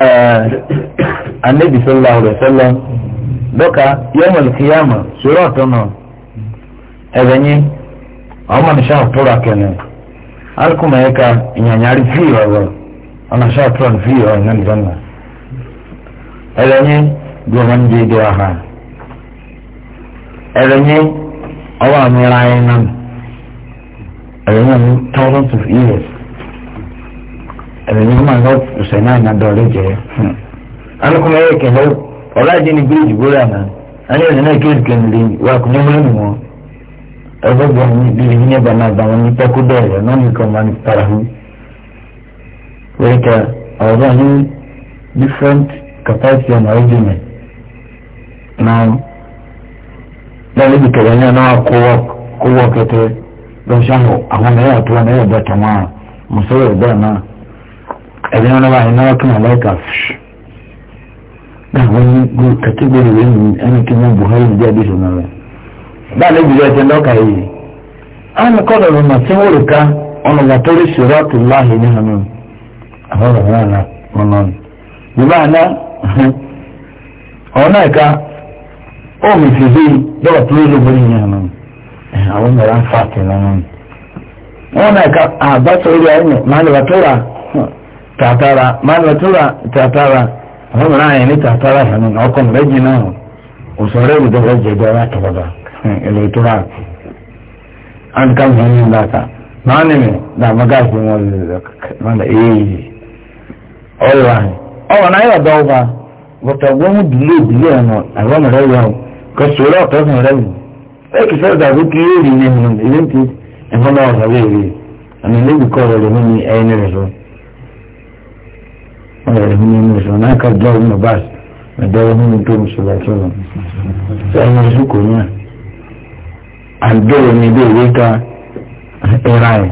anabi eh, sallallahu alaihi wasallam doka yawmal qiyama sura tono ebenyi amma ni shaa tora kene alkuma yaka nyanyari fi wa ana shaa tora fi wa nan janna ebenyi do man je do aha ebenyi awa mi rayin nan ebenyi thousands of years ẹ̀rẹ̀ni ọmọ náà ṣẹ̀ náà iná dọ̀rẹ́ jẹ́ alukuma yẹ kẹlẹ ọlájẹ ni bíríjì bóra náà ẹni ẹ̀rẹ̀ náà kéèdì kẹ́ni lé wa kò ní mọ́lẹ́nu wọn ẹgbẹ́ bọ̀ ní bíi ní ẹ̀bà náà bá wọn ní pẹ́kú dọ̀rẹ́ náà ní wọn ní parahu wẹ́ẹ́kẹ́ ọ̀rọ̀ ní different capacity and argument náà lẹ́yìn ibi kẹlẹ́ ní ọ̀nà kó wọ́ kẹtẹ lọ́sàn-án àwọn ẹ̀yà tó wọn ẹ̀yà bẹ̀tẹ̀ wọn àmọ̀sọ́rọ̀ ẹ̀dá náà ẹ̀dẹ̀ wọn wáyé náà kí wọn láìka fìṣù náà wọn ní kàtígórì rẹ ní ẹni kí wọn buhari ní díẹ̀ bíṣọ náà rẹ báà lè jùlọ ẹsẹ̀ lọ́kà yìí àwọn kọ́ lọ́rọ̀ mà tí wọ́n rò ká ọ̀nà wà tó rí sọ̀rọ̀ àti láàyè ní hànú àwọn ọ̀rọ̀ náà nà wọn nà ní. yorùbá àná ọ̀nà ẹ̀ka ó mi fi bí lọ́wọ́ tó rí lóbo ní hànú àwọn ọ̀rọ̀ àǹfààní náà wọn náà ẹ̀ka àbá sọ̀rọ̀ yà tatara malatura tatara ọmọ náà ní tatara sani ọkọ mẹjì náà òsòrè ìdọ̀rọ̀ jẹjọ wa tọ̀gbọ̀dọ̀ ìlú ìtura an kan fún mi láta máa ní mi náà mọ gáàsì wọn lè lọ́nà èyí ọ̀rọ̀ àyè ọmọ náà yóò dọ̀ ọba bọ̀tọ̀ gbọ́n mu dìlé ìdílé ẹ̀nà àwọn ọmọ rẹ̀ yọ̀ kò sòrò ọ̀tọ̀ fún rẹ̀ yìí ẹ kì í dàbí kí yóò rí ní ẹ̀mí ẹ̀fọ́n náà ọ̀sọ̀ ẹ̀hún ẹ̀sùn náà kájọ ọ̀hún ọba ẹ̀dẹ́wọ́ ọ̀hún tó ń sọ̀rọ̀ sọ̀rọ̀ ẹ̀hún ẹ̀sùn kò ní à. àgbẹ̀rẹ̀ ni bí ìwé ka ẹ̀ra ẹ̀.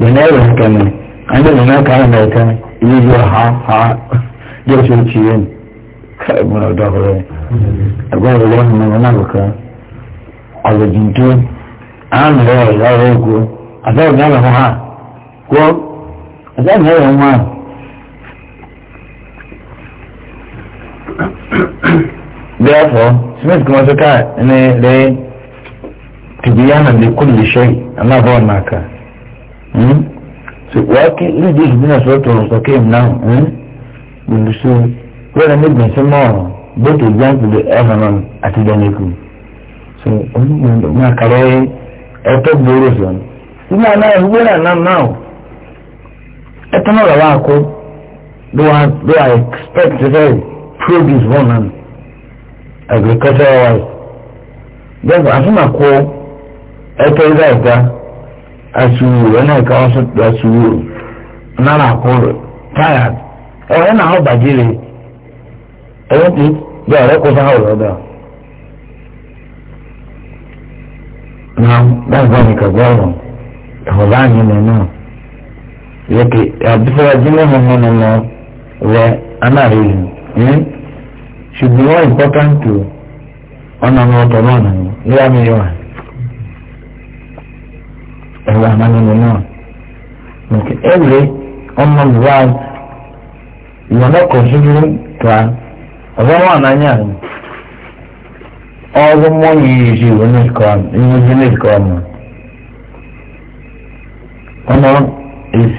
bẹ̀rẹ̀ ẹ̀rọ kẹ̀lẹ̀ àgbẹ̀rẹ̀ náà kàrọ̀ náà kẹ́ ilé yọ ha ha yóò ṣe ti ẹ̀dá mi ẹ̀yọ̀ wọn. therefore smith kò wọ́n sọ káà ẹni lè tìbí yánà lè kó lè ṣe aláàbọ̀ nàkà hmm? wọ́n kí lóde ìgbìmọ̀ sọ́tọ̀ ọ̀sọ̀kẹ́ ìmúná gbòǹdùsọ wẹ́rẹ́ ní gbèsè mọ́ gbòtò ìjáǹpìlẹ̀ ẹ̀fọ̀nà àti ìdánilẹ́kù so onígbòǹdùmọ̀ àkàrẹ́ ẹ̀tọ́ gbòòrò sọ̀rọ̀ ìgbà náà ìwé náà náà náà. ẹtọ́nà ọ̀rọ̀ do I do I expect very produce one and agricultural wise then asọ́nà kó ẹtọ́ ẹ̀dá asuwu ẹ̀nà ẹ̀ka wọn asuwu nana kó tired ẹ̀wọ̀n ẹ̀nà àwọn bàjẹ́rẹ̀ ẹ̀wọ̀n ti bí ọ̀rẹ́ kó sáà ọ̀rọ̀ dà. Now, that's why we can go na The yake àbúfẹ́ra jimá hàn nínú lọ rẹ anáàrẹ̀ yìí ṣùgbọ́n wọ́n important to ọ̀nà àwọn ọ̀tọ̀ náà nìyí yíyá mi yọ̀ ẹ̀rọ àmánínú náà nke every ọmọ mìíràn ìwọ̀n náà considering to a ọ̀rọ̀ wà n'anya rẹ̀ ọrụ mmụọ yiri isi ìwọ̀n ní ìkọ́ ìwọ̀n ní ìkọ́ ọmọ ọmọ is.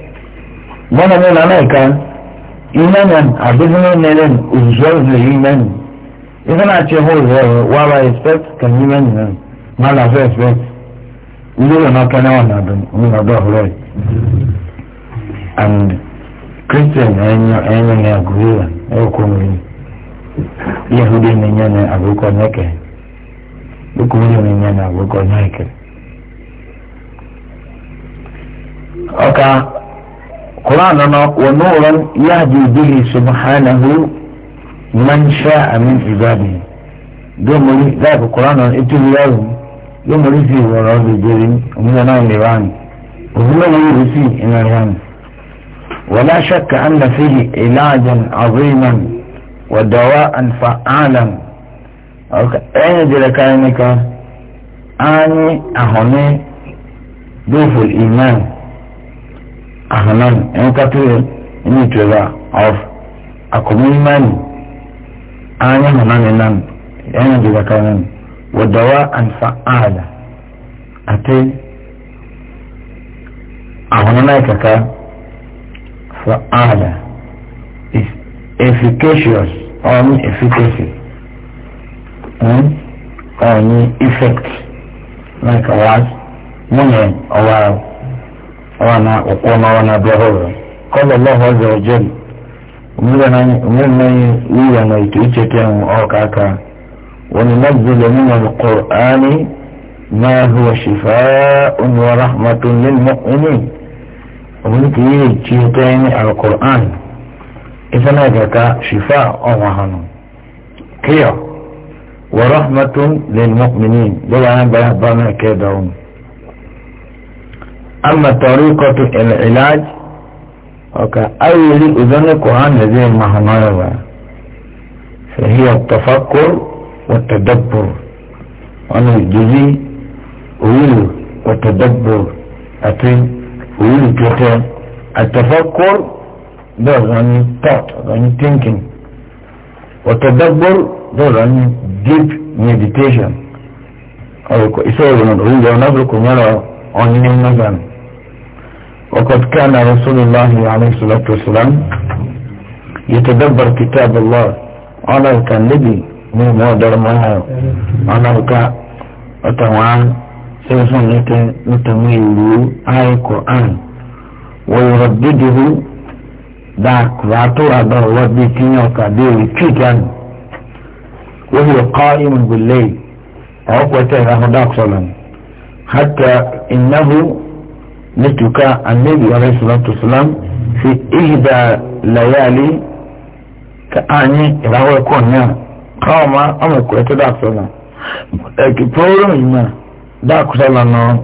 bọ́nà mi nana ẹ̀ka ìmẹ́nà àbísínú nílẹ̀ òṣìṣẹ́ òṣìṣẹ́ ìmẹ́nà ìfẹ́nà na ẹ̀họ́ ìrẹ́ rẹ̀ wà wá expect kàn ìmẹ́nà náà má là fẹ́ expect ilé ìwé náà kẹ́ni wà nàdùn òun nàdùn ọ̀rọ̀ and christian ẹ̀yẹ́nyẹ́ ní àgùrẹ́yà ẹ̀ kọ́ mi rí yahudi ẹ̀yẹ́nyẹ́ ní àgùkọ́ nẹ́kẹ́ lukumuli ẹ̀yẹ́nyẹ́ ní àgùkọ́ nẹ́kẹ́ ọkà. قرآننا ونورا يهدي به سبحانه من شاء من عباده يوم لي لا انت بقرآننا يوم لي في ورد الجريم ومن انا لبعاني وهو يرسي إلى الغنم ولا شك أن فيه علاجا عظيما ودواء فعالا أين ذلك أني أهني دوف الإيمان ahanan enkatere ni twela of akomimani anya hanan nan yana jiga kanan wadawa an fa'ala ate ahanan kaka fa'ala is efficacious on efficacy hmm? on effect like a was money or wow وانا وقوما وانا بهور قال الله عز وجل ومن ويانا يتيتم اوكاكا وننزل من القران ما هو شفاء ورحمة للمؤمنين ومن كي تيتين القرآن إذا نجاك شفاء أوهن كيا ورحمة للمؤمنين دلعا بيهبانا كيدهم أما طريقة العلاج أول إذن القرآن الذي مهنايا فهي التفكر والتدبر وأنا الجزي أول والتدبر أتي أول كتاب التفكر ده يعني thought يعني thinking والتدبر ده يعني deep meditation أو إسرائيل من أول يوم نبرك ونرى أن يمنعنا وقد كان رسول الله عليه الصلاة والسلام يتدبر كتاب الله على كان لبي مو مودر معه على كا أتوان سيسون نتميل آي قرآن ويردده ذاك واتو أبا ودي كنيوكا ديري كيكان وهو قائم بالليل أو قتل أهداك حتى إنه نتوكا النبي عليه الصلاة والسلام في إحدى ليالي كأني راهو يكون يا قوم أمر كويت داك لكن بورم يما داك صلاة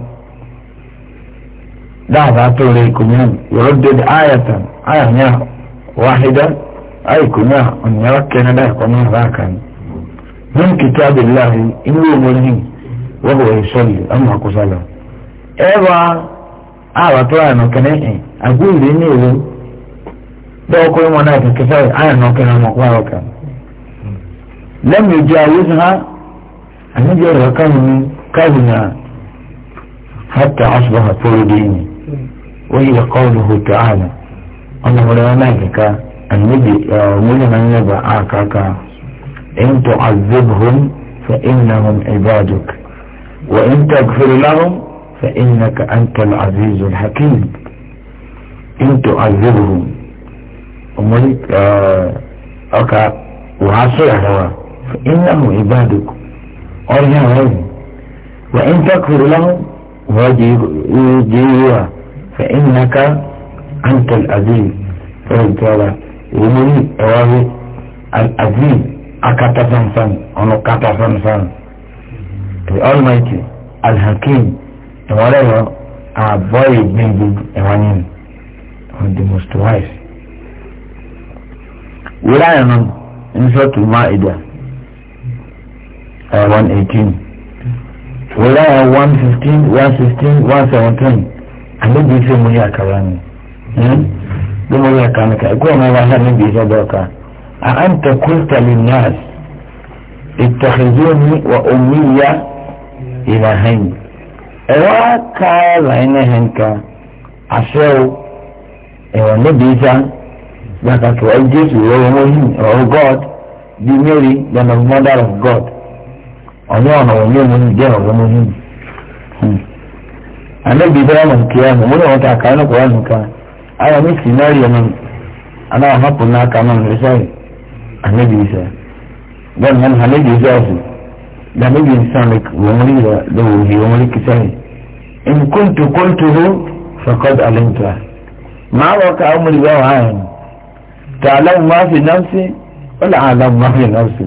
دا ذات أتو ليكم يردد آية آية يا واحدة أي كنا أن يركنا لا كنا ذاك من كتاب الله إنه ملهم وهو يصلي أمر كصلاة إيه awa tó àrùn ọ̀kẹ́rẹ́ ẹ̀ àgbóyìnbí ní ìlú bẹ́ẹ̀ kó wọn náà kẹ̀kẹ́ sáré àrùn ọ̀kẹ́rẹ́ ọmọ wa ọ̀kẹ́. lẹ́mìí ojú ayé sàn án àníbi ọ̀rọ̀ káwọn ní káwọn náà hàtà ọ̀ṣùbọ̀ àpòrò dìínì wọ́n yẹ kọ́ọ̀lù hòtò àrùn ọmọ wọn náà kẹ̀kẹ́ àníbi ọ̀múlẹ̀ náà ń yẹ̀bà àkàkà إن تعذبهم فإنهم عبادك وإن تغفر لهم فإنك أنت العزيز الحكيم إن تعذبهم أمريك أكا آه، وعصي هوا فإنهم عبادك أرجع لهم وإن تكفر لهم وجيوا فإنك أنت العزيز فإنت ومن أواهي العزيز أكتا فنفن أنا كتا فنفن الحكيم ẹ̀wọ̀n lẹ́yìn àbọ̀ ìgbìngbì ẹ̀wọ̀n nínú on the most wise. wíwá yẹn nù nsọ́tù má ìdá ẹ̀ one eighteen wíwá yẹn one fifteen one sixteen one seventeen àmì bíi fún mi yà kàrà ni hmm? bí mo yà kàrà ni kà ẹ̀kọ́ ọ̀nà wà hàn níbi ìṣẹ́ dọ́ọ̀ka أأنت قلت للناس اتخذوني وأمي E ká láyìn náà na nǹkan àṣẹwò ẹ̀wọ̀n níbi ìjà gbàgbà kí wọ́n jésù god mary mother of god ọ̀ní ọ̀nà wọn yóò mú ní ìjẹ́ ọ̀rọ̀ wọn yìí. ànábì bẹ́ẹ̀ mọ̀ kí ta àkàrà nípa wọn nìkan àwọn mi sì náà rí ọmọ mi aláwọ̀ hapò that maybe it sound like wọ́nrí ló wò yìí wọ́nrí kìsà yìí in kóńtò kóńtò ló fọkọ́d àlẹ́ntà máa wọ ká ọmọ ìwà wà áyàn tà aláwọ̀ máa fi náà sí wọ́n là aláwọ̀ máa fi náà sí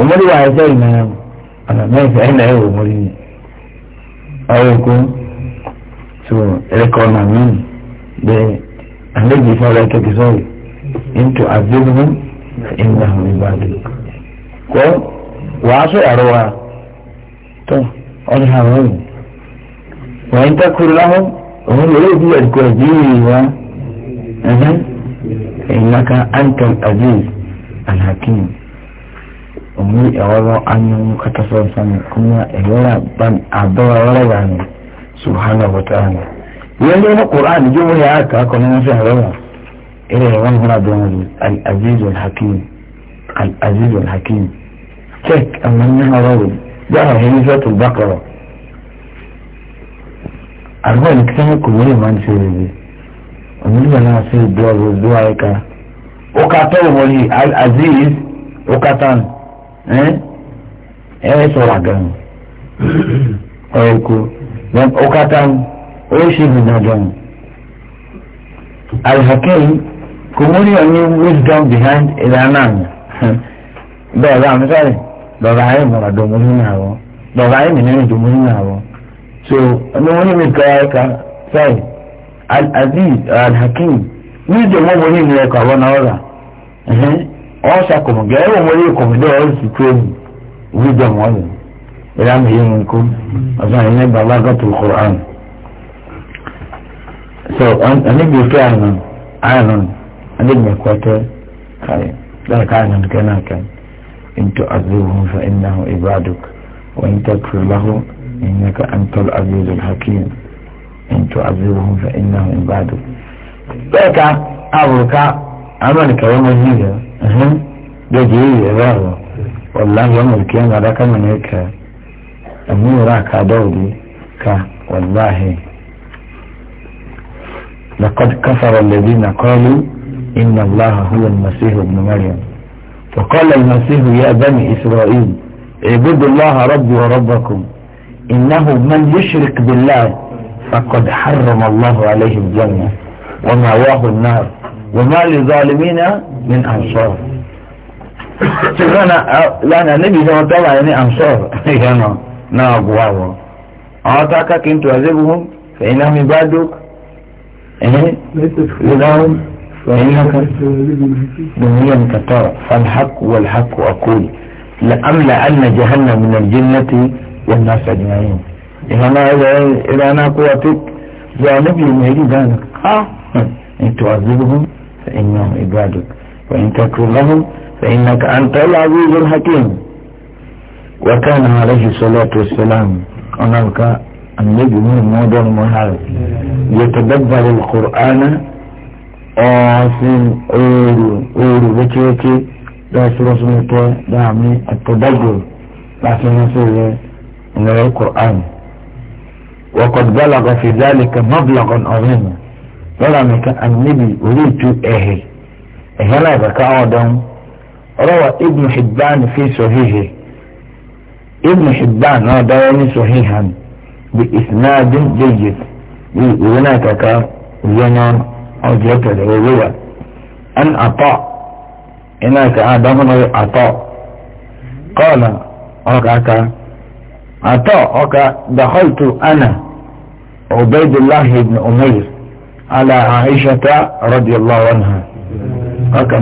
ọmọ ìwà ẹ̀sẹ̀ yìí náà ọ̀nà mẹ́fẹ̀ẹ́ ẹ̀ náà ẹ̀ wọ̀ ọmọ ìwà ọ̀rọ̀ kó so ẹ̀kọ́ náà mí de àlejò ìfọ̀rọ̀ into azimuhu ìnáwó ìbàdí kọ́ wàásù ẹ̀rọ wa tó ọdún àwọn ọ̀hún wọ́n ń tẹ́kùrú láwọn òun lè rí ìdílé ẹ̀kọ́ ìdílé wa ìnáka antan aziz alhakim òun ẹ̀wọ́rọ̀ anyọ́n kátàfẹ́ sani kuma ẹ̀wọ́rọ̀ àbọ̀wọ́rọ̀ wà ní subhana wa ta'ala yẹn lé ní qur'an jẹ́ wọ́n yà á kà á kọ́ ní wọ́n fi ẹ̀rọ wa ẹ̀rẹ̀ wọ́n múra bẹ́ẹ̀ wọ́n al aziz alhakim al aziz alhakim check أما أنها راوي جاء هنا سورة البقرة أربعة نكتمل كل ما نسوي ọmọdé wọn náà ṣe ìdúrà ìdúrà ẹka ọkàtọ ìwọlì aziz ọkàtàn ẹ ẹ sọrọ àgàn ọrọ ikú ọkàtàn oríṣi ìgbìyànjọm alhakim kò mú ní ọ̀nà wisdom behind ìlànà bẹ́ẹ̀ bá mi sáré dɔba ayi mura domuni na wɔ dɔba ayi minɛni domuni na wɔ so domuni mi kaa ka sai al aziz alhakim ni domo moni mi ka wɔ na ɔra ɛhɛn ɔsa kɔmɔ gɛ ɛwɔ mori kɔmɔ dɛ ɔri si kuro mi wi dɔm ɔyɛ ɛyà mi yi mu ko ɔsan yi ne baba ka tu koran so ɛni bi kɛ ayi nɔ ayi nɔ ɛni bi kɔtɛ kai dɔw ka ayi nɔ kɛ n'a kɛ. إن تعذبهم فإنه عبادك وإن تغفر لهم إنك أنت العزيز الحكيم إن تعذبهم فإنه عبادك بيكا أبوك عملك يوم الجيجة أهم بجيه يباغو والله يوم الكيام ذاك من هيك أميرا كدودي ك والله لقد كفر الذين قالوا إن الله هو المسيح ابن مريم فقال المسيح يا بني إسرائيل اعبدوا الله ربي وربكم إنه من يشرك بالله فقد حرم الله عليه الجنة ومأواه النار وما للظالمين من أنصار سيغانا لانا نبي سوى طبعا يعني أنصار يانا يعني ناقواوا أعطاك كنت أعذبهم فإنهم يبادوك إيه لهم وهي دنيا كطار فالحق والحق أقول لأملأن جهنم من الجنة والناس أجمعين إنما إذا أنا قوتك ما يجي ذلك آه إن تعذبهم فإنهم عبادك وإن تكفر لهم فإنك أنت العزيز الحكيم وكان عليه الصلاة والسلام هناك النبي من موضوع المهار يتدبر القرآن ọ̀sìn ooru ooru wékéwéké lọ́sọ̀rọ̀sọ̀mọ̀tẹ́ dààmú àtọ̀dọ́gbò lásánásọ̀ rẹ ìnáwó quran wọ́kọ̀ gbọ́lọ̀gọ̀ fìdálìkà mọ́bìlọ̀gọ̀ ọ̀rìn lọ́la nìkan àníbi orí ìtú ẹ̀hẹ̀ ẹ̀hẹ̀ náà kàkà ọ̀dọ́n rọwà ibnu hibban fi sọ̀híhì ibnu hibban náà dáwọ́ ní sọ̀híhàn bí ìsìnàdín jẹ́jẹ́ bí ìwé náà kàkà ìyẹn náà. ọjọ́ tẹ̀lé owó wa ẹn a iná ìka àdámọ́nà àtọ́ kọ́ọ̀nà ọkà aka àtọ́ ọkà dàkọ́ìtù ana ọ̀bẹ́dùláhì ibn umair ala aishata radiyallahu anha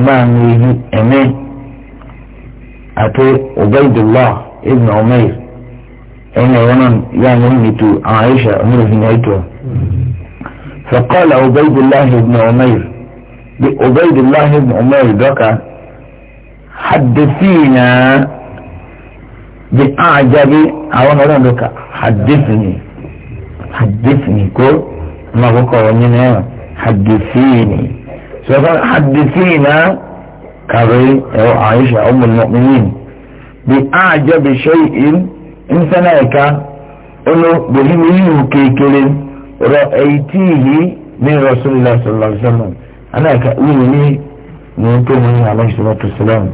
máa ń yí ẹ̀mí àti ọ̀bẹ́dùláhì ibn umair ẹ̀yìn ẹ̀wọ̀n náà yá ń yọ̀ aisha فقال عبيد الله بن عمير عبيد الله بن عمير بكى حدثينا بأعجب أو أنا بكى حدثني حدثني كل ما بك ونينا حدثيني سوف حدثينا كبي أو عائشة أم المؤمنين بأعجب شيء إنسانك أنه بهم يوكي كلمة رأيتيه من رسول الله صلى الله عليه وسلم أنا كأولي من تومي عليه الصلاة والسلام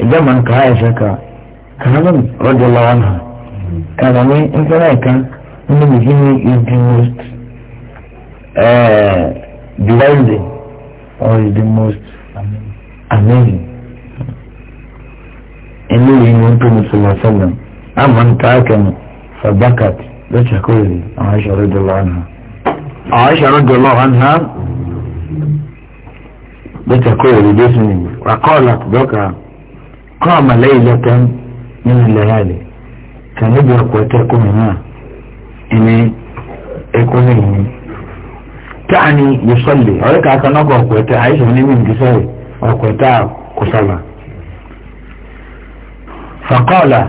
إذا من كعائشة كهذا رضي الله عنها كان من إنت رأيك من بجيني is the most uh, demanding or is the most amazing إنه من تومي صلى الله عليه وسلم أما أنت فبكت lọ́jà kọ́rẹ̀ ní àwọn aṣọ rẹ̀dọ̀lọ́ àná àwọn aṣọ rẹ̀dọ̀lọ́ àná lọ́jà kọ́rẹ̀ ní jésù ní wàkọ́ọ̀lá dọ́kà kọ́ àmàlẹ́yìn lọ́tàn nínú ilẹ̀ yàlẹ̀ kà níbi ọ̀pọ̀ ẹ̀tẹ́kùn mi náà ẹni ẹkún ní ìyẹn tani yusɔli ɔyɛ k'aka n'ɔkɔ ɔkɔɛtɛ ayisa ne mi nkisɛ ɔkɔɛtɛ a kusala fakɔla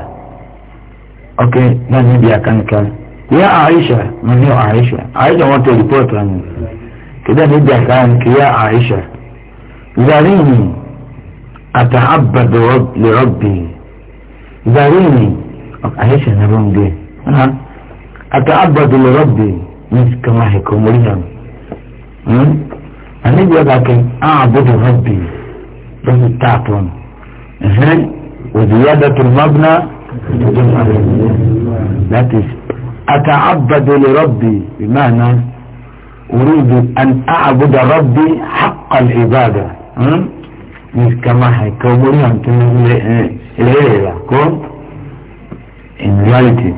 ɔkɛ nani bi aka nka. يا عائشة من هي عائشة عائشة وانت ريبورت عنه كده نبدأ كان يا عائشة ذريني أتعبد رب لربي ذريني عائشة نبون دي أتعبد لربي مش كما هي كمريم أمم. النبي لكن أعبد ربي بس تعطون وزيادة المبنى That is أتعبد لربي بمعنى أريد أن أعبد ربي حق العبادة مش كما هيكون أنت الهيرة كون in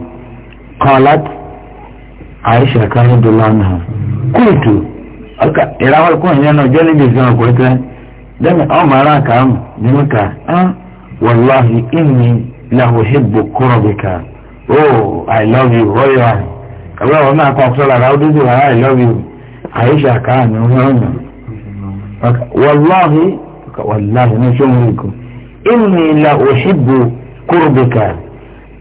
قالت عائشة كان رضي الله عنها قلت إراوال كون يانا جالي سنة قلت دم عمر كام دمك أه والله إني لأحب قربك oh i love you wọ́n yọ àyè kàwé náà kọ́ ọ̀sọ́ lára ó dúdú ara i love you àyíṣà káàánú wàláhi wàláhi ní òṣìbò kúròbìkà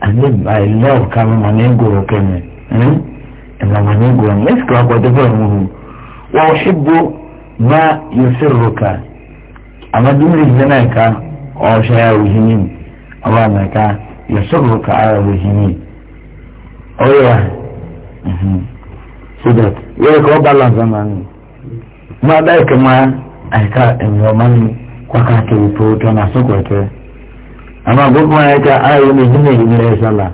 i love kàwé màmí gòrò kẹ́mi ẹ̀mà màmí gòrò mẹ́sìkì wà pọ̀ tó fẹ́ mu hù wà òṣìbò má yòsìrò ká àmàdúmìrì ìdílé náà ká àwùjọ ọba yasọ̀rọ̀ kàárà lójijì ọ̀rẹ́ wa so that yẹ́rẹ́ kọ́ balance ọ̀nà ni máa dá ìkẹ́ máa àyíká ẹ̀yìn ọ̀ma ni kwakà kiri tó tó náà sọ̀kọ̀ ẹ̀kẹ́ àmà gbogbo wọn ẹ̀ka ayé mi nínú èyí mi rẹ̀ sálà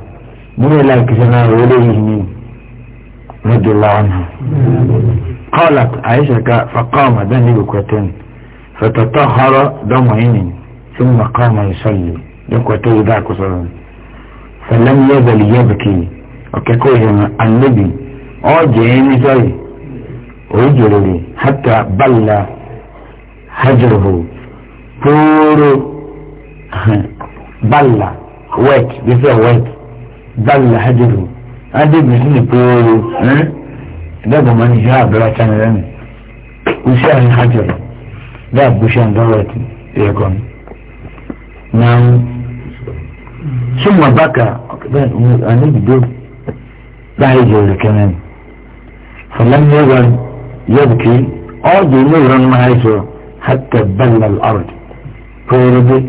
nínú ìlà ìkẹsẹ̀ náà rẹ̀ lóyìn mi rẹ̀dí láwọn náà. قالت عائشة فقام دني بكوتين فتطهر دمعين ثم قام يصلي يكوتين ذاك صلى الله فلم يزل يبكي وككوه النبي جيني زي ويجري حتى بل هجره بورو بل ويت يسوى ويت بل هجره أدي بسني بورو إيه؟ ده بمن جاء بلا كان لن وشان هجره ده بشان دواتي يكون إيه، نعم ثم بكى عقبان أمور أن يبدو بعيد ولا كمان فلم يزل يبكي أرض نورا معيشه حتى بل الأرض فورده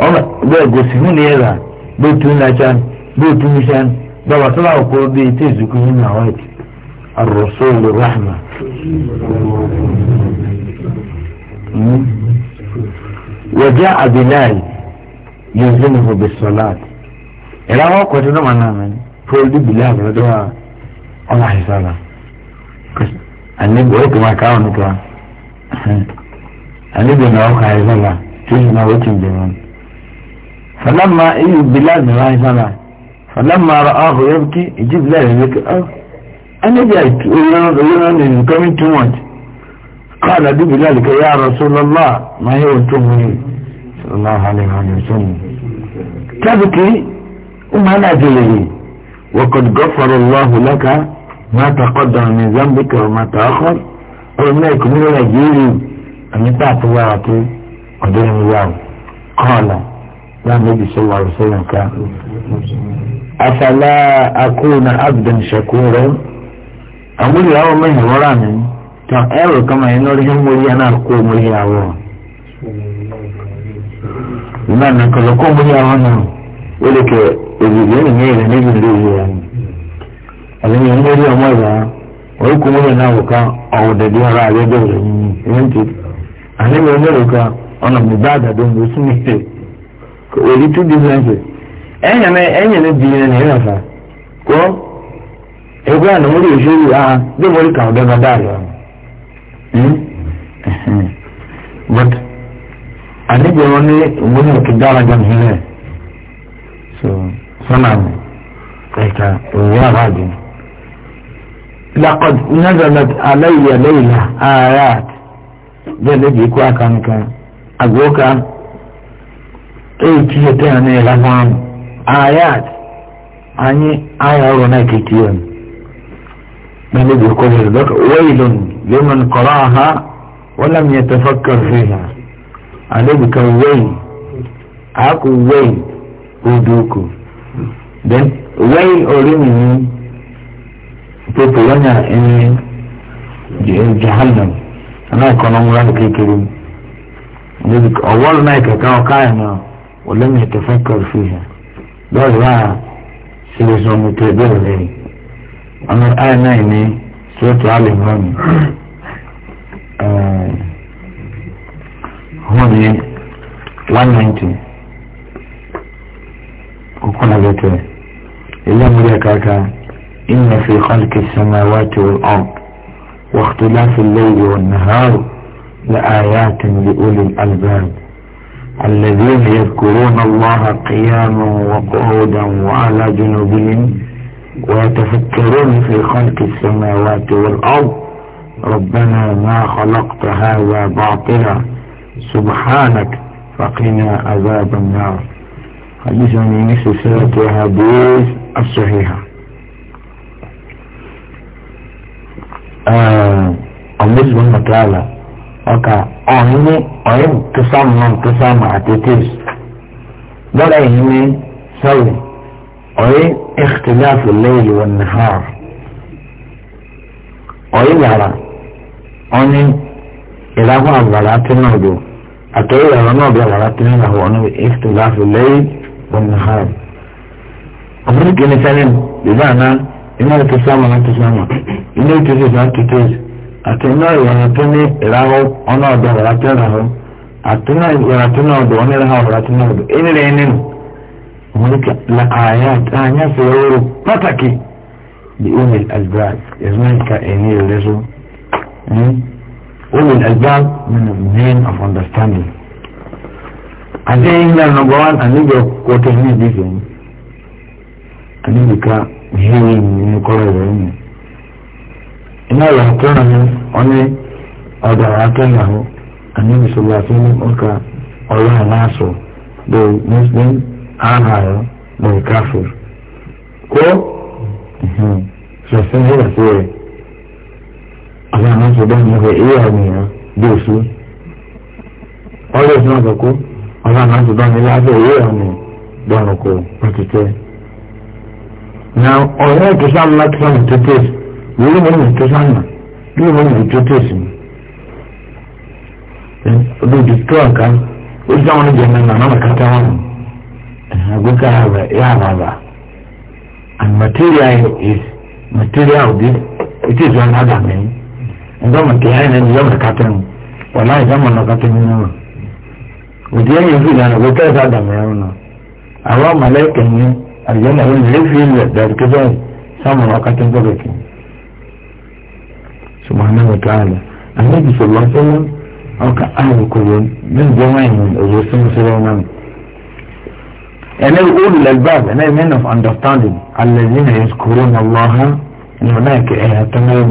أما بيقوس هون يلا بيتو نشان بيتو نشان دوا طلعوا قربي تزكو هنا ويت الرسول الرحمة وجاء بلال يلزمه بالصلاة إلا هو قلت لهم أنا من فولد بالله من دعاء الله حسابا النبي ويك ما كاون كا النبي ما وقع حسابا تجمع وتم جمان فلما إيه بالله من الله حسابا فلما رآه يبكي يجيب لا يبكي أه النبي يقول coming too much قال دب ذلك يا رسول الله ما هي وانتم sallallahu alaihi wa sallam kábùkì umana jẹlẹyìn wakọd gọfọrọ lọhùn lọkà máa takọdọ ní zambika ọmọ àtàkọ ọmọ náà ìkùnmílẹ nàìjíríà àmì pàtó wà àti ọdọ ẹni wà kọọlà láàmúbi sọlọ àrùsọlọ ká afala akuna abdan shakura àmúlẹ̀ àwọn mẹ́rin wọ́rọ̀ àmì tán ẹ̀rọ kama ẹ̀ lọ́rí hẹ́mọ́rí yẹn náà kó mọ́rí àwọn. ìmọ̀ nà na kó mo ní àwọn náà ó lè kẹ èdèdè ní ìyẹn ìrìn níbi ìlú ìyẹn àná àbí ní ìyẹn ní ọmọ ìyá orúkọ mo ní náà wò ká ọ̀wọ̀ dẹ̀dẹ̀ ọ̀rọ̀ àyẹ́dẹ̀ rẹ̀ yìnyín ìyẹn ti àní mi ní di fẹ́ǹsì ẹ̀yìn mi ẹ̀yìn mi di yẹn nìyẹn fà kó ẹgbẹ́ àná mo rí òṣèlú àníbi wọn ní ìmúni òkè dára jẹun sílẹ̀ so sọ́nà mi ẹ̀ka òye àbájẹ. لقد نزلت علي ليلة آيات جلد يكوا كان كان أقوكا أي تيه تاني لفهم آيات أني آية رونا كتير جلد يكوا ويل لمن قرأها ولم يتفكر فيها anabi kan wayin ako wayin oduku then wayin orimi pepe wanya ẹni jahannam ana kọnọ nwura kékeré níbi ọwọ́lù náà nai ọ̀ká ẹ̀ náà na mi tẹ̀fẹ́ kọ̀ọ̀fì yẹn lọ́ọ̀dù wa sílẹ̀ sọ̀mù tẹ̀ bẹ́ẹ̀ lẹ́yìn ọ̀nà ẹ̀ náà ní sọ́ọ̀tù ní one ninety okun na bẹtẹ ilé mi rẹ لآيات لأولي الألباب الذين يذكرون الله قياما وقعودا وعلى جنوبهم ويتفكرون في خلق السماوات والأرض ربنا ما خلقت هذا باطلا سبحانك فقنا عذاب النار حديث من نفس سنة الحديث الصحيحة آه، الله سبحانه وتعالى أكا أهني أهم تسام من تسام عتتس بل أهني سوي أهم اختلاف الليل والنهار أهم يرى أهم إلى هو الظلات الموجود àtọ́wé àwọn náà bí àwọn arákùnrin náà wọ̀ ọ́nà ètò láàfin lẹ́yìn ọ̀nà ha. ọ̀pọ̀lọpọ̀ kìíní sẹ́ni bíbá àná iná ètò sáàmù láti sáàmù iná ètò ìṣèjọba tètè àti iná ìwọ̀nà tó ní ìràwọ̀ ọ̀nà ọ̀dọ̀ ọ̀rá tó ràwọ̀ àti iná ìwọ̀nà tó náà ọ̀dọ̀ ọ̀nà ìràwọ̀ ọ̀rá tó ọ̀dọ̀ ẹni rẹ̀ nínú. ọ̀pọ̀lọpọ̀ أولي الألباب من الدين of understanding àti ìgbà number one àníjọ kọ́tẹ́ ní ìdíje àníjìká yíyí nínú kọ́rọ̀ rẹ̀ yìí iná ìyá tó rà ní ọ́nẹ́ ọ̀dà àtẹ̀yàwó àníjì sọ̀rọ̀ àti ní ọkà ọ̀rọ̀ àláṣọ the muslim ahàyọ the kafir kó ṣẹ̀ṣẹ̀ ń yẹ̀ṣẹ̀ rẹ̀. àwọn àmọ́ ti dá mi fẹ́ èyí àwọn èèyàn bí òṣù ọlọ́ọ̀sì náà kọ́kọ́ àwọn àmọ́ ti dá mi lábẹ́ èyí àwọn èèyàn na ọ̀rẹ́ ìtúsáàmù láti sáàmù tó tẹ̀sí wíwí mi ní ìtúsáàmù wíwí mi ní tẹ̀sí àká ó and material is material this it is one other man. zama ta yayin da zama katon wallahi zama na katon yi nawa wajen yin fi dana wata ta da mai yauna awa malaikan ne aljanna yin laifin da rike zai samun wakatin gabakin subhanahu wa ta'ala annabi sallallahu alaihi wasallam aka ayi kullun min jama'in da sun sallama أنا أقول للباب أنا من of understanding الذين يذكرون الله إن هناك إيه تمام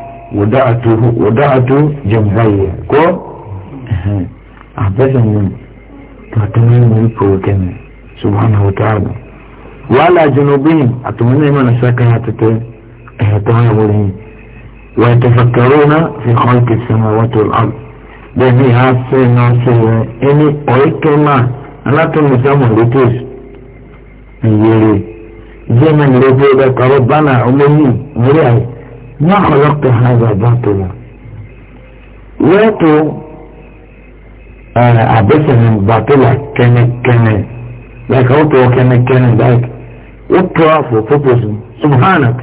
wada'atu jambayya ko a basan nan tatumin mai kowace ne subhanahu wa ta'ala wala junubin a tumanin mana saka ya ta ta ya ta hana wurin wa tafakkaruna fi khalqi samawati wal ard da bi ha sai na sai ini oikema anatu musamman litis yere zeman lobo da karo bana umumi muri ai ما خلقت هذا باطلا ياتو آه، عبثا باطلا كان كان ذاك اوتو كان كان ذاك اطراف وفطس سبحانك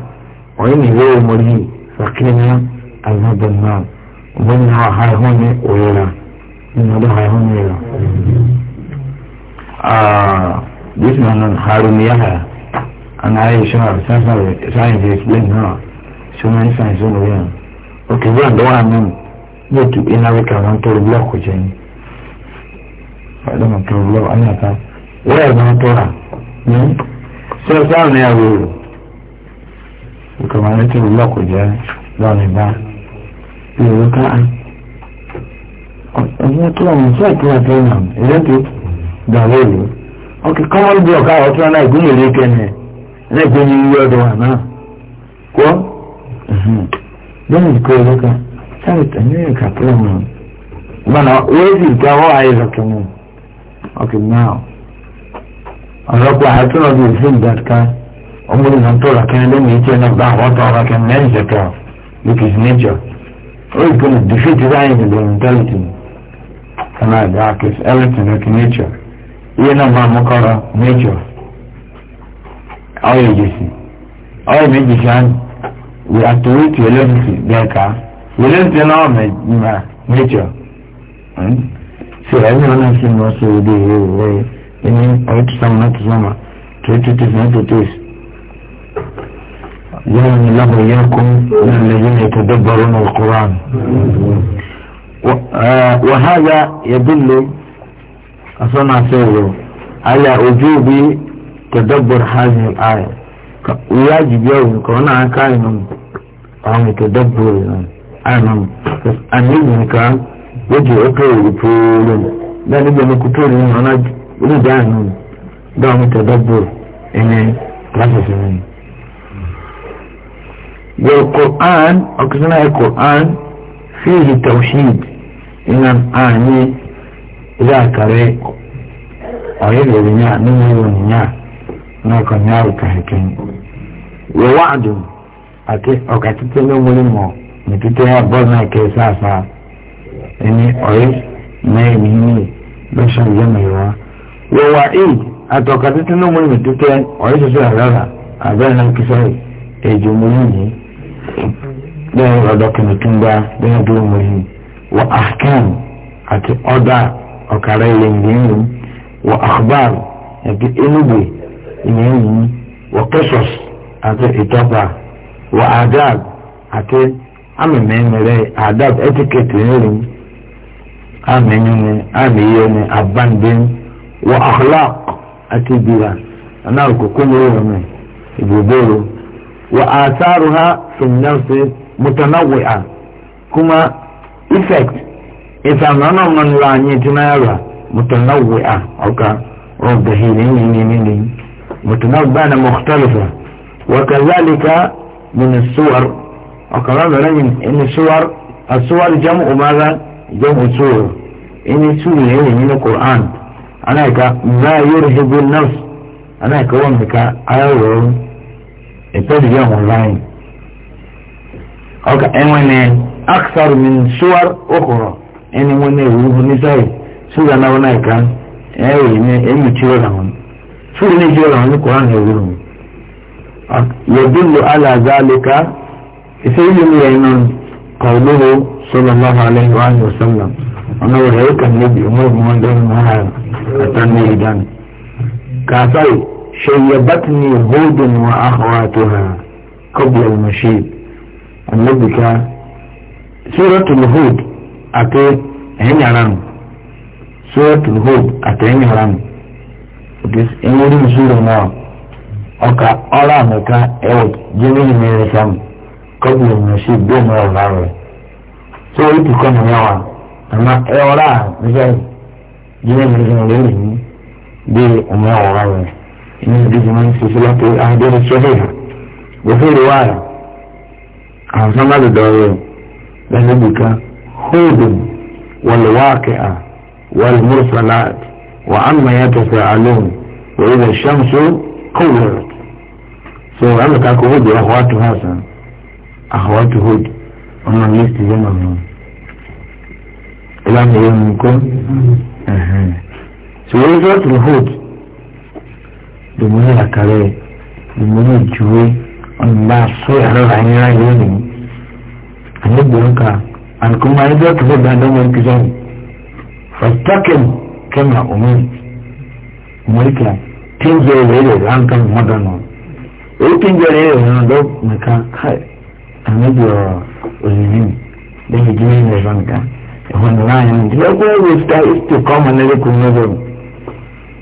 واني غير مريء فقنا عذاب النار ومنها هاي هون ويرا من هذا هاي هون ويرا آه، بسم الله هارون يحيى عن عائشة سافر ساينس يكلمها sọmọlì sáyẹnsì lórí ọ̀hún òkè bí àdó wà nínú bóòtù ìnáwéka wọn tóri búlọ́ọ̀kù jẹ́ ní ọ̀dọ́mọ̀ tóri búlọ́ọ̀kù ọ̀nà àká wọ́n ẹ̀ máa tóra ní sọ́ọ̀sì àwọn ẹ̀yà wòrò òkè wọn tóri búlọ́ọ̀kù jẹ́ lọ́ọ̀nì bá ìrò ká ọ̀dọ́ tó wọn sọ́ọ̀ tó wọn tóri nàm ìrètí dàwọ́ ìlú ọkè kọ́mọ́lì na lẹ́yìn ìkó ẹ̀rọ kan sáré tẹ̀lé ẹ̀ka pẹ̀lú ọmọ rẹ̀ gbọ́nà wéèzì ìta ọwọ́ ayé lọ́kẹ́ mọ́ ọkẹ́ náà ọ̀rọ̀pọ̀ àtúnọ̀ bíi fún ìdàkà ọmọdé náà tó eche na ìjẹ́ náà bá àwọn tó lọ́kẹ́ mẹ́rin ṣẹ̀kẹ́ look his nature ó ìkó ní defeat ráyìn ní the mentality kan náà dá kí everything look nature iye náà máa mú kọ́ra nature ọ̀yẹ̀ jẹ̀sì ọ̀yẹ̀ méjì sáà we have to wait Wednesday then ka Wednesday náà mẹ ma nature hmm? so everyone has seen what so dey here wey any ọyọ tó sàmù náà tó sàmù three two three nine two three yàrá ni lábọ̀ yẹ kó náà lẹ́yìn ètò dẹ́gbọ̀rọ̀ náà وهذا يدل أصنع سيره على وجوب تدبر هذه الآية ويجب يوم كون عن àwọn ètò dẹ́gbòrò náà àrùn àníyàn nìkan lójú ọkọ̀ èrò pòórò náà níbi ẹni kúkẹ́ rẹ̀ náà ọ̀nà onídàá àná bá àwọn ètò dẹ́gbòrò ẹni lásìkò náà. Your Quran, ọ̀kìsọ́nà ẹ̀ Quran, fíìhì tawhid, ìnà àní ilé àkàrẹ́ ọ̀yẹ́ lòrìyàn nínú ìròyìn náà náà kàn ní àrùkà ẹ̀kẹ́. Wọ́n wá ake ọ̀kà títí lówólé mọ̀ nítútẹ́ abọ́nà ìkẹsàfà ẹni ọ̀rẹ́ náà èmi ní lọ́sọ̀ ìyẹ́mọ̀ ìwá. wọ́wà èyí àtọ̀kà títí lówólé nítútẹ́ ọ̀rẹ́ ṣẹṣẹ àrárà àbẹ́rẹ́ náà kí sọ́ọ̀rì èjì múlẹ̀ yìí lẹ́yìn ọ̀dọ́ kìnnìkìngbà lẹ́yìn dúró múlẹ̀ wọ àkàn àti ọ̀dà ọ̀kàrà ilẹ̀ ìyẹ́yìn wọ àkùbàr àti ẹnubè ìyẹ́yìn wọ kẹsọ̀s àti ìtọ́pà wọ adab àti amẹ̀mẹ̀rẹ̀ adab etiquette nínú amẹ̀nyẹ̀ni amẹ̀yẹ̀ni abandin wọ akhlaq àti ìbíra àná àkókò ní ìwọ̀n mi ìbòbòrò wọ àtàrò ha fìnnàfì mùtànáwìà kuma effect ìfàmìlànà ọmọnìlá anyi tìǹyàrá mùtànáwìà ọ̀ka ọ̀bẹ̀hìn nìyí nìyí nìyí mùtànáwìà náà mọ̀kútàlùfà wọ kàzálìkà. من الصور وكمان رأيهم إن الصور الصور جمع ماذا؟ جمع صور إن الصور هي من القرآن أنا كا ما يرهب النفس أنا كا ومكا أيوه إبتدي جمع أونلاين أوكا إن أكثر من صور أخرى إن من يروه نسائي صور أنا ونايكا أيوه إن إن تشوفهم صور نجوا لهم القرآن يقولون يدل على ذلك سيد يعينون قوله صلى الله عليه وآله وسلم أنا وهيك النبي أمور من دون ما أتني إدان كافي شيبتني هود وأخواتها قبل المشيب النبي كا سورة الهود أتي هنا رام سورة الهود أتي هنا رام إنه سورة ما ọkà ọrụ amịka ewe jiri mmiri sam kọbụl nyosi bom ọrụ so otu kọnụ yawa ama ọrụ a nsa jiri mmiri sam wee nyi dị ụmụ ọrụ ọrụ ní ìdíjìmọ̀ ń ṣiṣẹ́ láti adéèrè sọ́dọ̀ yà gbèsèrè wà rà àwọn sọ́mọ́lì dọ̀rọ̀ lẹ́nu nìkan hóòdùn wọlé wákẹ́ à wọlé mùsàlát wà á mọ̀ yàtọ̀ sí àlóhùn wọ́n ilẹ̀ ṣàmùsọ̀ kọ̀wé rẹ̀ so amurka ko hudu ahwatu hasan ahwatu hudu wannan listi yana nan ilamu yau ko so wani zuwatul hudu domin yana kare domin yana juwe wani ba so ya rara hanyar rayuwa ne a yi burinka an kuma yi zuwatul hudu don wani kizani fastakin kama umar umarka tun zai zai da hankan èyí tí ń jẹrẹ ẹ ọ̀hún ọ̀dọ́ nìkan káì àmẹ́bí ọ̀rọ̀ òyìnbí lẹ́yìn ìdílé ilẹ̀ ẹ̀rọ nìkan ẹ̀hún ní láàyè ní ìdílé ẹgbẹ́ ìwé sítá ìsítì kọ́mọ ní ẹlẹ́kùn mẹ́bọ̀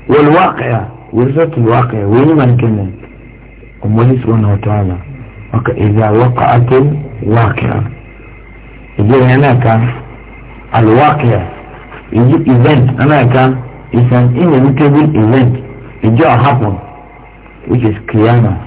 wọlé wákàyà wọlé sọ́tù wákàyà wọ́n yín máa ń kéne ọmọdé sọ̀rọ̀ náà tó àlà ọkà ìdí àwọ̀kà àti wákàyà ìdílé yẹn náà ká àlùwákàyà ìdí event náà ká is an inevitable event it just happen which is kiyama.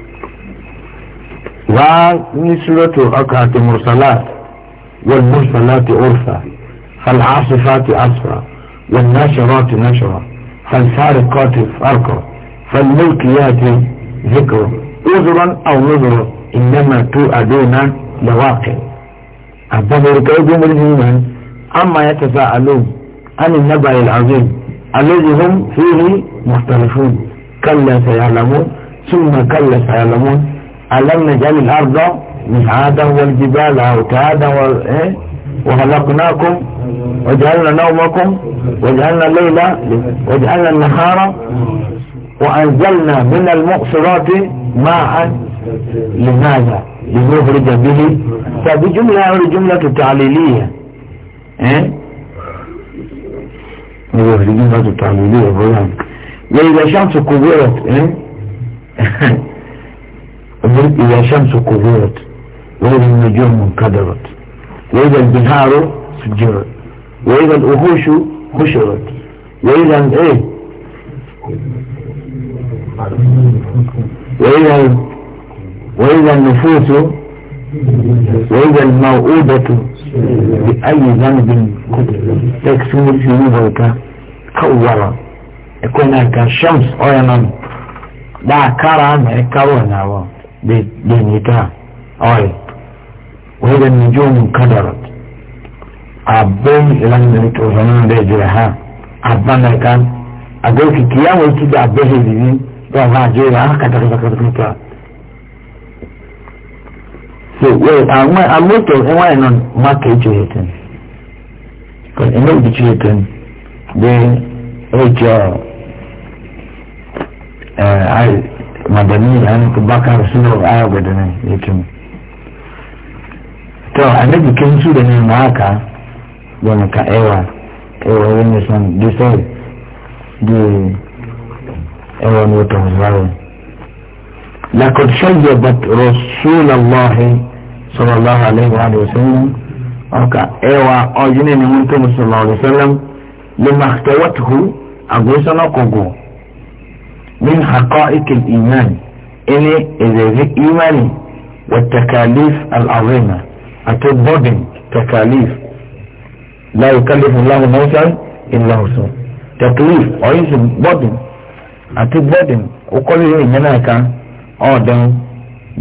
ونسرة أكعة مرسلات والمرسلات أرثى فالعاصفات أصفى والناشرات نشرا فالفارقات فرقة فالملكيات ذكر عذرا أو نذرا إنما توعدون لواقع الدبر كيدهم الإيمان أما يتساءلون عن النبأ العظيم الذي هم فيه مختلفون كلا سيعلمون ثم كلا سيعلمون ألم نجعل الأرض مهادا والجبال أوتادا وخلقناكم إيه؟ وجعلنا نومكم وجعلنا الليل وجعلنا النهار وأنزلنا من المؤصرات ماء لماذا؟ لنخرج به فهذه جملة جملة تعليلية إيه؟ به تعليلية بلان. وإذا الشمس كبرت إيه؟ إذا شمس كبرت وإذا النجوم انكدرت وإذا البنهار سجرت وإذا الأهوش هشرت وإذا إيه وإذا وإذا النفوس وإذا الموؤودة بأي ذنب تكسر في نظرك كورا يكون هناك شمس أو أيضا لا كرم كرونا بدنيتها آية وهي النجوم انقدرت abin ilan da nake usanin da ya jira ha abban kan a goki kiyawa yake da don ha so ma a madani an ku baka rasulun aya gwada nan yakin to annabi kin su da nan haka da maka ewa ewa wani san disai di ewa ne ta zuwa لقد شيبت رسول الله صلى الله عليه وآله وسلم أوكا إيوا أوجيني من صلى الله عليه وسلم لما اختوته أقول سنة من حقائق الإيمان إلي إذا إيماني والتكاليف العظيمة أتبضن تكاليف لا يكلف الله نفسا إلا وسعها تكليف أيضا بضن أتبضن وكل يوم هناك أودا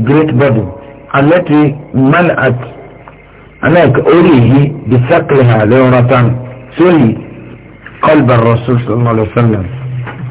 great burden التي ملأت هناك أريه بثقلها لورة سلي قلب الرسول صلى الله عليه وسلم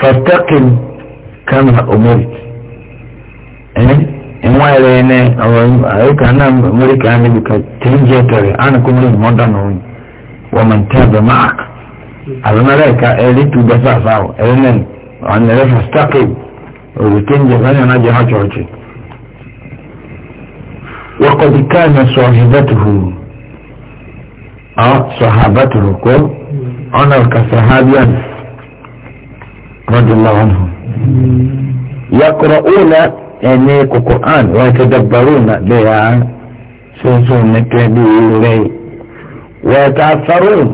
fatakin kama umarit ẹ̀wọ̀n ẹ̀rẹ́ ẹ̀nẹ́ ọ̀rọ̀ àríkà náà amẹ́ríkà níbi ká tẹ́ǹjẹ́ tẹ̀rẹ̀ ánàkùnrin mọ́dà náà wọ́n máa ń tẹ́ ẹ̀bẹ̀ máa àlùmọ́lẹ̀ ẹ̀ka ẹ̀rí tu bẹ́sẹ̀ àfáwọ̀ ẹ̀rí náà ọ̀nà ẹ̀rẹ́ fatakin òrò tẹ́ǹjẹ́ fẹ́ẹ́ náà jẹ́ hàchọ́ọ̀chì. وقد كان صاحبته أو صحابته كل أنا كصحابيان رضي الله عنهم يقرؤون يعني القرآن ويتدبرون بها سوسون كبير ويتأثرون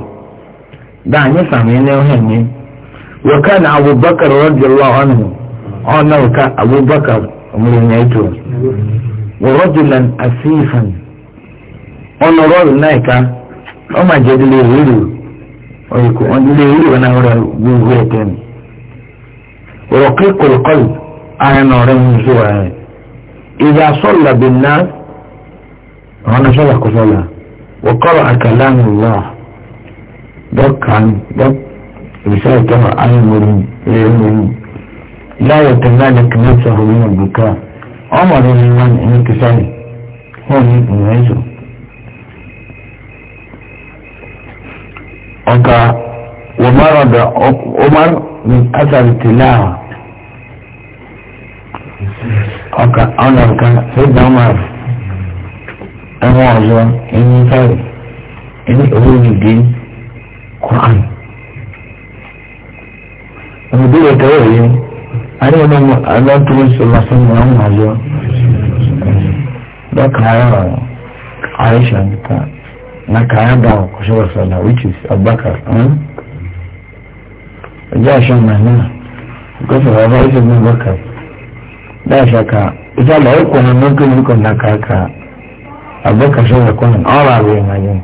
دعني سامين يوهني وكان أبو بكر رضي الله عنه أنا وكان أبو بكر من يتون ورجلا أسيفا أنا رجل نايكا أما جدلي هيرو ويكون جدلي هيرو أنا أرى بوهيتين رقيق القلب أنا رمز إذا صلى بالناس أنا شبك صلى وقرأ كلام الله دك عن دك رسالة كما أمر لا يتمالك نفسه من البكاء عمر الإيمان انكساري هو يعيشه ومرض عمر من أثر التلاوة أنا كان سيدنا عمر أنا أعظم إني فاي إني أقول الدين قرآن المدير يتوهي أنا أمام أنا أتوهي صلى الله عليه وسلم أنا أعظم ذاك عيارة عائشة نكا نكا عيارة كشورة صلى الله which is أبكر أه ọjọ́ àṣà màánà gọ́sọ̀ bàbá ìṣe mi bọ́kà dáṣà ká ìṣàlẹ̀ ọkọ̀ náà lókè lókè náà kàkà àbọ̀kàṣọ́ ẹ̀kọ́ náà ọ̀rọ̀ àwẹ̀ ìmàjẹ́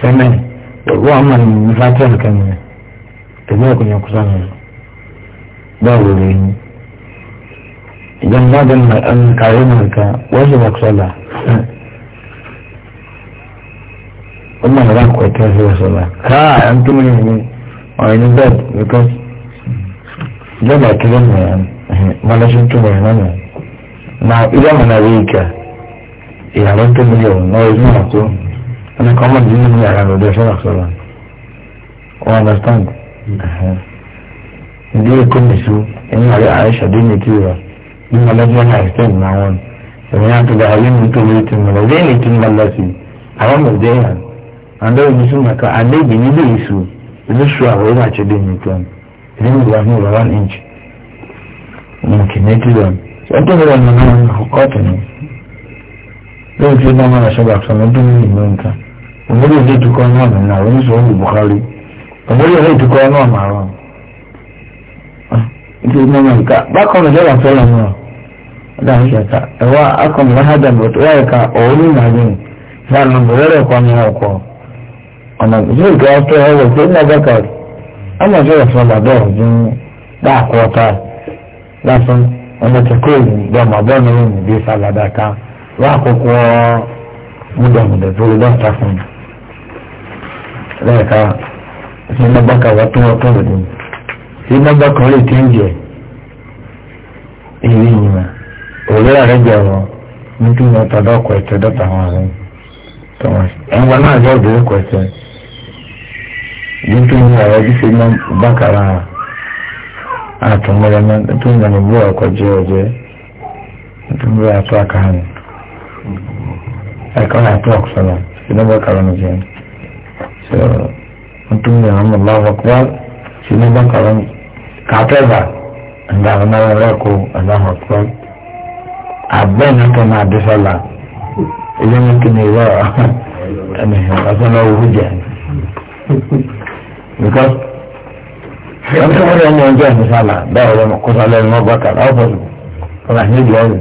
sẹ́mẹ̀ ọgbọ́n àmà ní fàtí àkàmì tẹ̀lé ọkùnrin ọkùnrin sọ́nà báwo rẹ̀ ni ìjọba dẹ̀ kàwé nìka wọ́n sì wà sọ́là ó mọ̀ nígbà kọ̀ọ̀tẹ́ sí wà sọ́là káà ẹ̀ ń tó mọ̀ yẹn ọ̀rẹ́ ní bẹ́ẹ̀ lókè ìjọba kílẹ̀ mọ̀ ẹ́ mọ́lẹ́sí tó mọ̀ ẹ́ náà mọ̀ na ilé ọ̀nà rí ìkà ìyàrá tó mi yọ̀ náà ojú náà tó ẹni kan mọ̀ nínú mi àrà lòdì ẹ̀fọ́ àkọsọ̀rọ̀ ọ̀ understand ndí èkó nìṣó ẹni àrẹ àìṣà dé ní ti rà bí mọ́lẹ́sí ọ̀nà àìsàn náà wọn ẹ̀mí àtúndà àrí mi tó lórí ti mọ̀lẹ́sí ẹ̀yìn tó mọ̀lẹ́sí àwọn mọ̀lẹ́sí yàn àndọ́ ìbísùn màkà àdébì nílé ìṣù zai shuwa wai ba ce din newton idan ba ne ba one inch mumkin ne tilon sai ta gaba na nan hukata ne zai fi na mana ah, shaba sama dun limanka umar yau zai tukwa na nan na wani tsohon bukari umar yau na maron ita ina mai ka ba ka wani jaba ta wa akan wahada mutuwa ka a wani na jin sa'an ọ̀nà yóò gbé ọtọ́ tó ń lọ́gbẹ́ kọ̀ọ̀rì ọmọ yóò sọ bàbá ọ̀dún dáàkú ọ̀tá lásán ọmọ tẹ̀kọ́ ìgbà màbọ́ ní òun ìgbé sàlàdà ká wọ́n àkókò múdàmúdà tó lọ́ọ̀tà fún mi lẹ́ẹ̀ka sí lọ́gbàkà wọ́n tó wọ́n tó wọ́n dùn sí lọ́gbàkà ọ̀rẹ́ ń jẹ ìrì ìyìnà òwúrọ̀ rẹ̀ jẹ̀ wọ́n nítorí ọkọ̀ dukkan yawa gise man bakara a tumura man tun da na buwa kwaje waje tun da ya tuwa ka hannu a kawai ya tuwa kusa nan idan bakara na jiyan so mutum da hannun lafa kuwa shi ne bakara kafin ba da na rako a lafa kuwa abin nan ta na disala idan mutum ne ba a ne a sanar hujja ne because wọ́n tún wọ́n yẹ ọmọ ọjọ́ ìfúnṣálà báwo lọ́mọ kọ́sá lẹ́nu ọgbà kàrà ọ̀pọ̀ sùn ọ̀rọ̀ àyè ìlú ọ̀rọ̀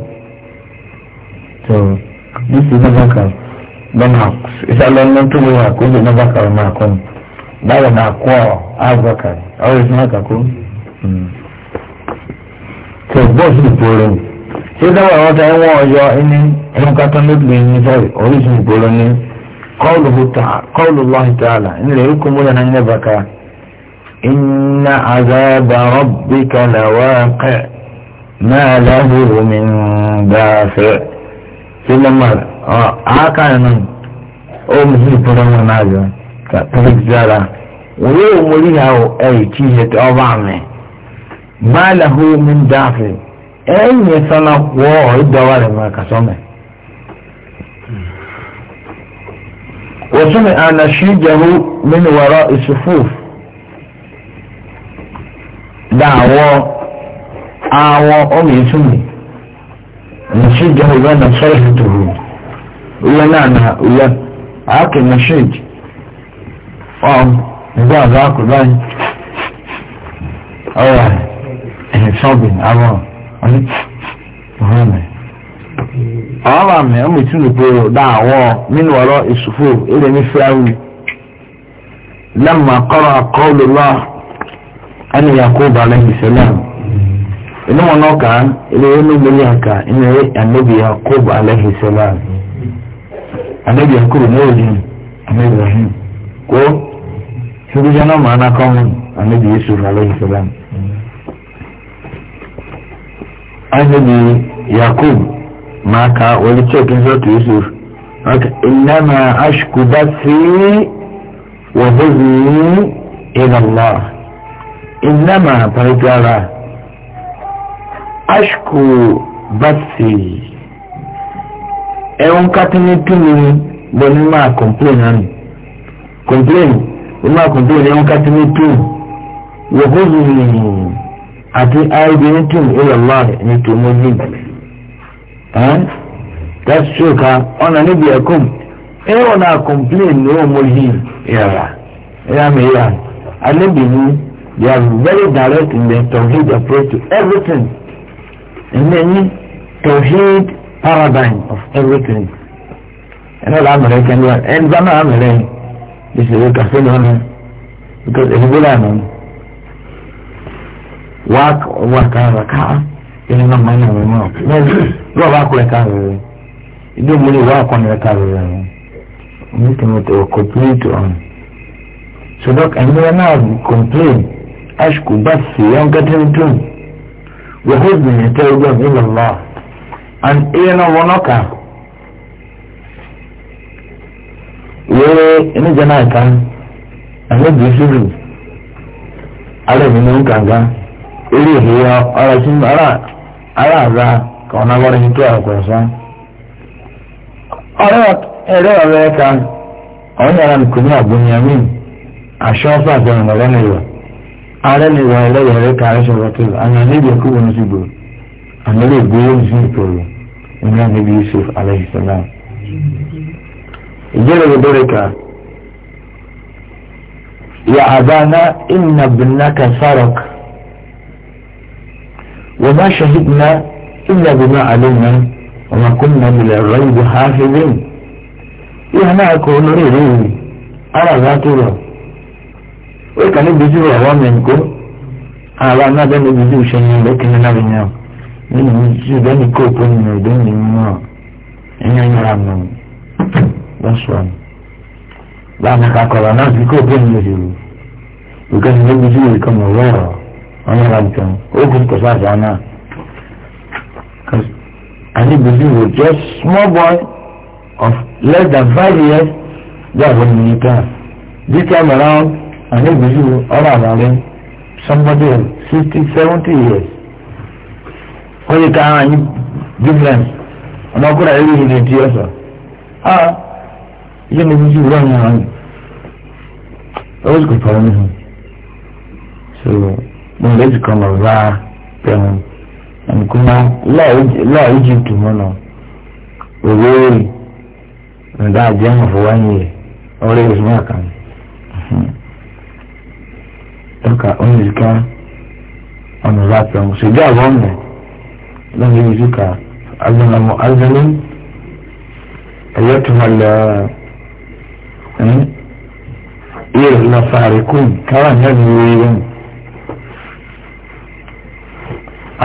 so this is number kan lọ́mọ ìṣàlọ́ ọmọ tó wọ́n wà kóso number kan ọmọ akọ́ni báwo náà kọ́ ọgbà kàrà ọ̀rọ̀ ìṣúná kàkó so bọ́ọ̀sì ìpòrò ṣé dáwọ̀ àwọn ọ̀tá ẹ̀wọ̀n ọ̀yọ́ ẹni ẹ̀rọ kátó ló gbé yín sọ̀rọ̀ oríṣi ìpòrò ni. قوله تعالى قول الله تعالى إن لكم ولنا نبكى إن عذاب ربك لواقع ما له من دافع ثم مرة آه، عاقا من أو مثل فرما نازل كتفك زارة ويوم لها أي تيهة أضعمه ما له من دافع أين يصنع وعد دوار ما كسمه وسمع نشيجه من وراء الصفوف دعوة أعوى أمي سمي نشيجه لنا صرفته ولا نعنى ولا عاك نشيج أم إذا ذاك لان أوه صابن أوه أنا مهمة ọba mi ọmọ ìtú nìkúrò dá àwọ nínú ọrọ ìsòfò èdè mi fẹ́ràn lẹ́mọ̀ akọ́rọ̀ akọ́lù lọ ẹni yakó balẹ̀ ìsẹ̀lẹ̀m inú wọn náà kàn ilé yẹn níbi ní àkà inú yẹn anabi yakó balẹ̀ ìsẹ̀lẹ̀m anabi yakó ní anabi máa ka wọlé check ní sọ́ọ̀tù yusuf ìnáma aṣkúdá sí wọ̀húzù ìlànà ìnáma pàrọ̀jára aṣkú bá sí ẹ̀wọ̀n kátínní túnmí bọ́ ní máa complain náà complain ní máa complain ẹ̀wọ̀n kátínní túnmí wọ̀húzù àti àìbí ní túnmí ìlànà ní tòmọ́lì that's true ka ọ̀nà níbi ẹ̀kọ́ ẹ wọ́n náà complain ní ọmọ yìí yàrá ẹ̀yà mi yà alẹ́bi mi they are very direct in their tawhid approach to everything ẹ̀mẹ́yìn tawhid paradigm of everything ẹ̀nà ọ̀la amẹ̀rẹ̀ kẹ́ndíwá ẹ̀nbá náà amẹ̀rẹ̀ ìṣèlú kàfé ni wọ́n ní because èdè gbọ́dọ̀ àná wákàrà kàá ìyẹn náà máa ń yàwó náà lọ́wọ́ bá kọ́ ẹ̀ka rẹ̀ rẹ̀ ìdí òmùlẹ̀ ìwà àkọ́ni ẹ̀ka rẹ̀ rẹ̀ rẹ̀ ní tìmọ̀tò complete on so dọ́k ẹ̀mìíràn náà complain ashku bá sì yẹn gẹ́tẹ́ dùn wọ́n hó bìnrin tẹ́ ọgbọ́n nílò lọ and ìyẹn náà wọ́n ọ̀kà wẹ́ẹ́ ẹnìjẹ́ náà kan ẹ̀mí bìí sílù alẹ́ mi ní ń kànga eré ìhìyà ọ̀rọ̀ sí ọ̀rọ̀. ara àgbà ka ọ wọ́n ti tó àgbà sán. ka ọ̀nyà ara nìkan ní àgbóyàmí àṣọ fún àgbẹ̀rún ọ̀rẹ́ nìyọ̀ ààrẹ nìyọ̀ ẹlẹ́yọ̀ ẹ̀rẹ́ ka ẹ̀ṣẹ̀ wọ́tí àná níbi ẹ̀kú wọn ti gbò àná lè gbé yóò sí ìpòrò ìmúra níbi yusuf aláìsílám. ya gbẹdọ̀rẹ̀ na yà àbáná وما شهدنا إلا بما علمنا وما كنا بالغيب حافظين يهنا أكون ريري أرى ذاتي له وكان بيجوا أوامنكم على ما دام بيجوا شيئا لكن أنا بنيام من بيجوا داني كوبون من داني ما إني أنا رامن that's one بعد ما كاكولا ناس بيكوبون من داني because maybe you become aware wọn náà láti tán ogun kò sáà sáà náà and he believe just small boy of less than five years that when in came, class this time around and he believe all around him somebody of sixty seventy years wọ́n yìí ká àwọn difference ọ̀nà ọkùnrin àìrí ìlú ti ọ̀sọ̀ ah yìí ni bí ìwúrọ̀ yẹn hàn yìí ó sì kò fọwọ́ mi so in da ji kama za ɗan and kuma la egypt mana oweri na da ajiyar mafi wani ọrẹ ìsúná kan ọkà oníṣìká ọ̀nà láti ọ̀hún ṣèjọ́ àwọn ọ̀nà lọ́nà ibi ṣìkà azọ́nàmọ́ azọ́nà ẹ̀yọ́ tó wà lọ ẹ̀yẹ́ ìlọ́fà rẹ̀ káwọn náà ní orí rẹ̀.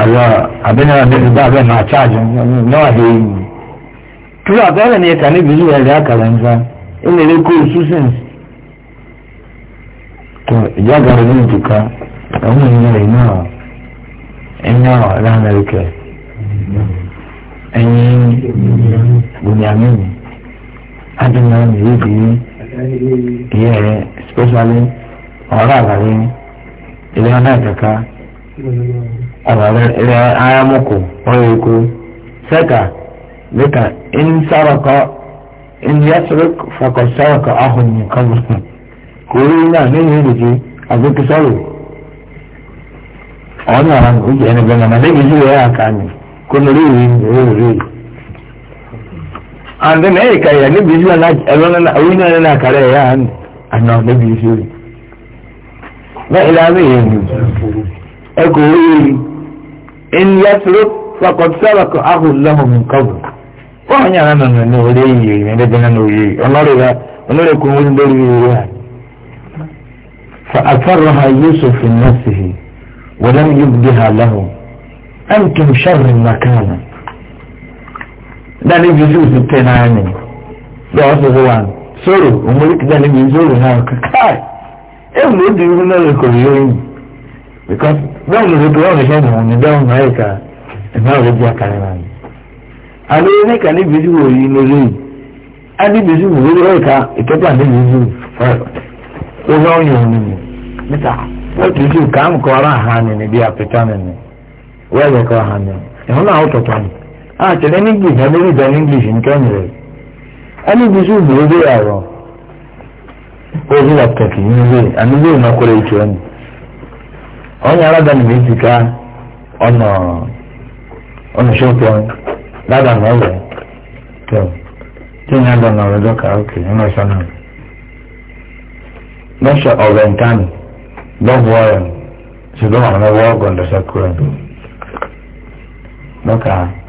àlọ́ àbẹ́nira bẹ́ẹ̀ bá bẹ́ẹ̀ máa a náà dé yìí. Túrú àbẹ́rẹ́ ni ẹ̀ka níbi ìlú ẹ̀rẹ́ àkàrà ń fa ẹ̀lẹ́rẹ́ kó o súsìn. Tó ìyá àgàrà ní ìjìká ẹ̀hún ìyá rẹ̀ náà ẹ̀yìn náà ọ̀rẹ́ Amẹ́ríkà ẹ̀yìn especially aya muku wani ku seka dịka in saraka in sarakọ ahụ saraka ahun ne kamar na ne ne da ke abu ki a na ran uji yana ya ka ne kuma riri ne na yi kariya ne bi zuwa na a na ya hannu annan na bi na in yasruk faqad sabaka ahu lahu min qabl wọ́n yà rán nànà ní orí iye ìyẹn dẹ́gbẹ́ náà lórí iye ọlọ́rẹ̀ rẹ ọlọ́rẹ̀ kún orí lórí iye fa asarraha yusuf nafsihi walam yubdiha lahum antum makana dani di because báwo ló tó to ṣe nìwọ̀n ní dáhùn náà ẹ̀ka ẹ̀ma ọ̀rẹ́ bí akára rà ní. àlẹ́ ẹ̀ka níbi tí wò yí lórí yìí á níbi tí wò lórí ẹ̀ka ìkẹ́tà níbi tí wò fẹ́rẹ̀ ó bá wọn yàn nínú ara hàn ní níbi àpẹtà nínú wọ́n yẹ kọ́ hàn ní ẹ̀hún náà ó tọ̀tọ̀ ní. àtẹ̀lẹ́ ní english onye aradan mizika ọnà ọnà ṣọpọn dáadáa lọlẹ tó tí ní adọ náà lọdọ kàókè ọnà sọnà lọsọ ọbẹ ntán lọbọ ọyọ ṣùgbọn àwọn ọwọ ọgọ ndọsọ kúrò lọkà.